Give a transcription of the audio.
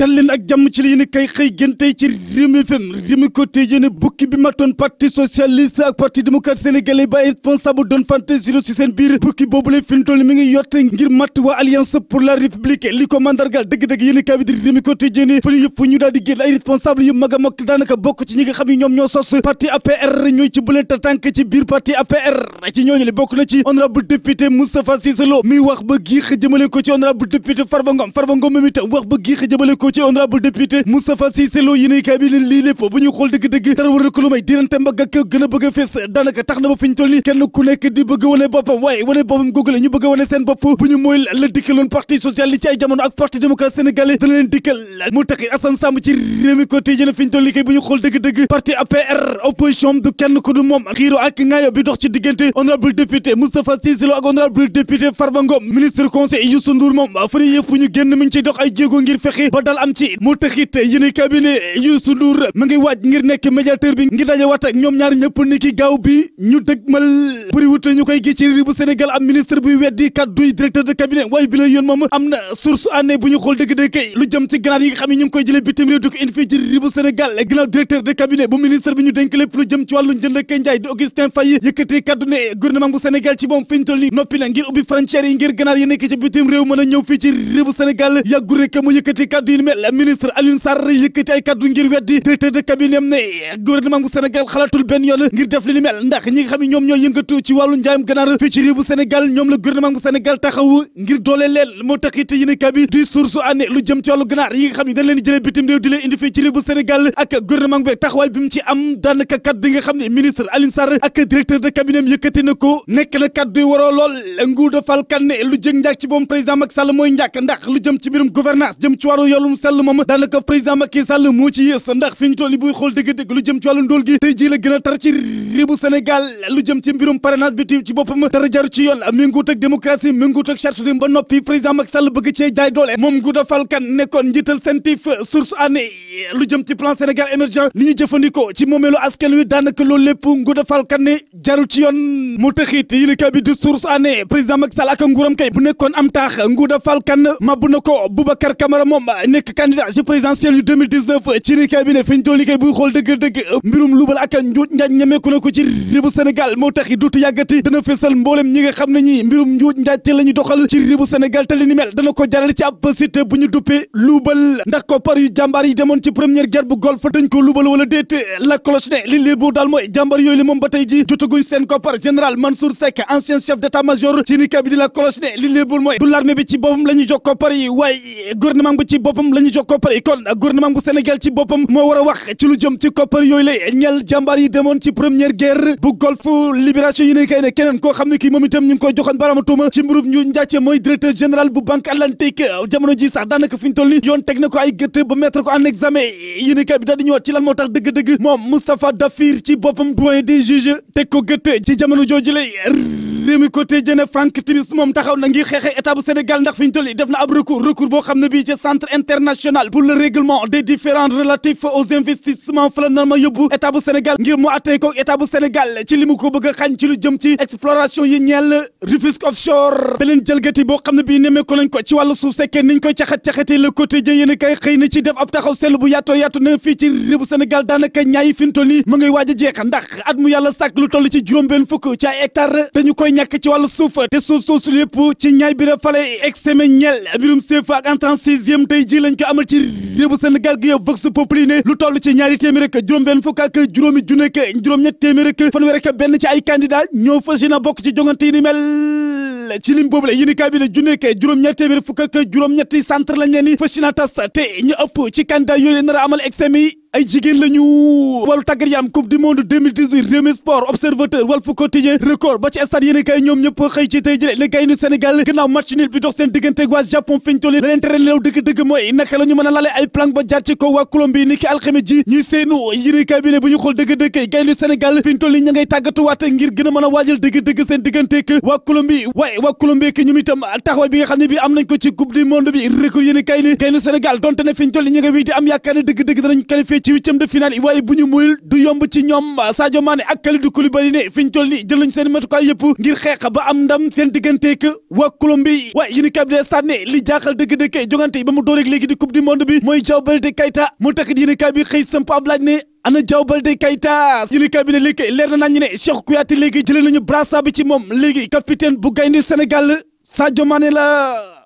dal leen ak jàmm ci li yéen kay xëy gën tey ci Rewmi FM Rewmi Quotidien bukki bi matoon parti socialiste ak parti démocrate sénégalais ba responsable doon fante zilo ci seen biir bukki boobu le fintool mi ngi yotte ngir matt waa alliance pour la république li ko mandargal dëgg-dëgg yéen kay bi di Rewmi Quotidien fële yëpp ñu daal génn ay responsable yu mag a mag daanaka bokk ci ñi nga xam ne ñoom ñoo sos parti APR ñooy ci bëleenta tànk ci biir ko ci honorable député Moustapha Cissé Lo yéen kay bi leen lii lépp bu dëgg-dëgg dara waral ko lu may dinante mbagg ak gën a bëgg fees daanaka tax ba fi ñu toll ku nekk di bëgg wane boppam waaye wane boppam googale ñu bëgg wane seen bopp bu ñu mooy la dikkaloon parti socialiste ci ay jamono ak parti démocrate sénégalais dana leen dikkal mu tax Assane Samb ci Rewmi Quotidien fi ñu toll kay bu ñu xool dëgg-dëgg parti APR opposition du kenn ku du moom xiiro am ci mu tëxit yéen cabinet Youssou Ndour mu ngi ngir nekk médiateur bi ngir daje waat ñoom ñaar ñëpp ni ki gaaw bi ñu dëgmal bëriwut ñu koy gis ci réew bu Sénégal am ministre buy weddi kadduy directeur de cabinet waaye bi yoon moom am na source année bu ñu xool dëgg-dëgg lu jëm ci ganaar yi xam ñu koy jëlee bitim réew di ko indi fii ci réew Sénégal ginnaaw directeur de cabinet bu ministre bi ñu dénk lépp lu jëm ci wàllu njënd ak di Augustin Faye yëkkati mel ministre Alioune Sarr yëkkati ay kaddu ngir weddi directeur de cabinet ne gouvernement bu Sénégal gouvernement tax it yéen ci wàllu ganaar yi kaddu yi ministre Alioune Sarr ak directeur de cabinet yëkkati na ko nekk na kaddu waroo lool nguur dafal kan ne lu jëg njàkk ci boom président Macky Sall mooy ndax lu jëm ci mbirum gouvernance jëm ci wàllu yoolum Sall moom daanaka président Macky Sall moo ci yées ndax fi ñu toll buy xool dëgg-dëgg lu jëm ci wàllu ndóol tey jii la gën a tar ci réewu Sénégal lu jëm ci mbirum parrainage bi ci boppam dara jaru ci yoon méngoot ak démocratie méngoot ak charte ba noppi président Macky Sall bëgg cee jaay doole moom Ngouda Fall Kane nekkoon njiital CENTIF source année lu jëm ci plan Sénégal émergent ni ñu jëfandikoo ci moomeelu askan wi daanaka loolu lépp Ngouda Fall Kane ne jaru ci yoon mu taxit yéen kay bi di source année président Macky Sall ak nguuram bu nekkoon am taax Ngouda Fall Kane mabbu na ko Boubacar Camara moom nekk nekk candidat ci présidentielle yu 2019 ci ni kay bi ci réewu Sénégal moo tax duutu yàggati ni mel dana yi demoon ci première ba tey ni kay la cloche ne li liir mooy du l'armée bi ci boppam la ñuy koppar yi waaye gouvernement bi ci boppam la ñu jox koppar yi kon gouvernement bu Sénégal ci boppam moo war a wax ci lu jëm ci koppar yooyu la ñel jàmbaar yi demoon ci première ger bu golfe libération yi ne kay keneen koo xam ne ki moom itam ñu ngi koy joxoon baaraama tuuma ci mbirum ñu njàcce mooy directeur général bu banque atlantique jamono ji sax daanaka fi ñu toll ni yoon teg na ko ay gëtt ba mettre ko en examen yi ne kay bi daal di ñëwaat ci lan moo tax dëgg-dëgg moom Moustapha Dafir ci boppam point des juges teg ko gëtt ci jamono jooju la Rewmi Quotidien Frank Timis taxaw na ngir xeexee état bu ndax fi ñu def na ab recours recours boo xam ne bii ci centre international pour le règlement des différends relatifs aux investissements fa la nar ma yóbbu état bu Sénégal ngir mu attee ko état bu ci li ko bëgg xañ ci lu jëm ci exploration yi ñeel Rufisque offshore beneen jëlgati boo xam ne bii nemee ko ko ci wàllu suuf sekkee niñ koy caxat-caxatee Le Quotidien yéen kay xëy na ci ñàkk ci wàllu suuf te suuf soosu lépp ci ñaay bira fale examen ñel mbirum CFA ak entrée en sixième tey ji ko amal ci réewu Sénégal gi yëpp vox lu toll ci ñaari téeméer ak juróom benn fukk ak juróomi junne juróom-ñett téeméer ak fanweer ak i kaay bi la junne ak juróom-ñett téeméer fukk ak juróom-ñetti centre lañ leen ni fas tas te ñu ëpp ci candidat yooyu nar a amal examen ay jigéen la ñu wàllu coupe du monde 2018 Rewmi Sport observateur Walf Quotidien record ba ci stade yéen kay ñoom ñëpp xëy ci tey le gaynde Sénégal gannaaw match a lale ay plank ba jaar ci kaw waa Colombie ni ki alxames ji ñuy seenu yéen kay bi ne bu ñu xool dëgg-dëgg gaynde Sénégal fi ñu toll ña ngay ngir gën a mën a waajal dëgg-dëgg seen digganteek waa Colombie waaye waa Colombie ki ñoom itam taxawaay bi nga xam bi am nañ ko ci ci huitième de finale yi waaye bu ñu muyul du yomb ci ñoom Sadio Mané ak Kalidou Koulibaly ne fi ñu toll ni jël nañ seen matukaay yëpp ngir xeex ba am ndam seen digganteek waa Colombie waaye yéen kab de li jaaxal dëgg-dëgg jogante yi ba mu dooreeg léegi di coupe du monde mooy Diao Baldé Keita mu taxit yéen kab bi xëy samp ab laaj ne ana Diao Baldé Keita yéen bi ne léegi leer na nañ ne Cheikhou Kouyaté léegi jëlee nañu brassard bi ci moom léegi capitaine bu gaynde Sénégal Sadio Mané la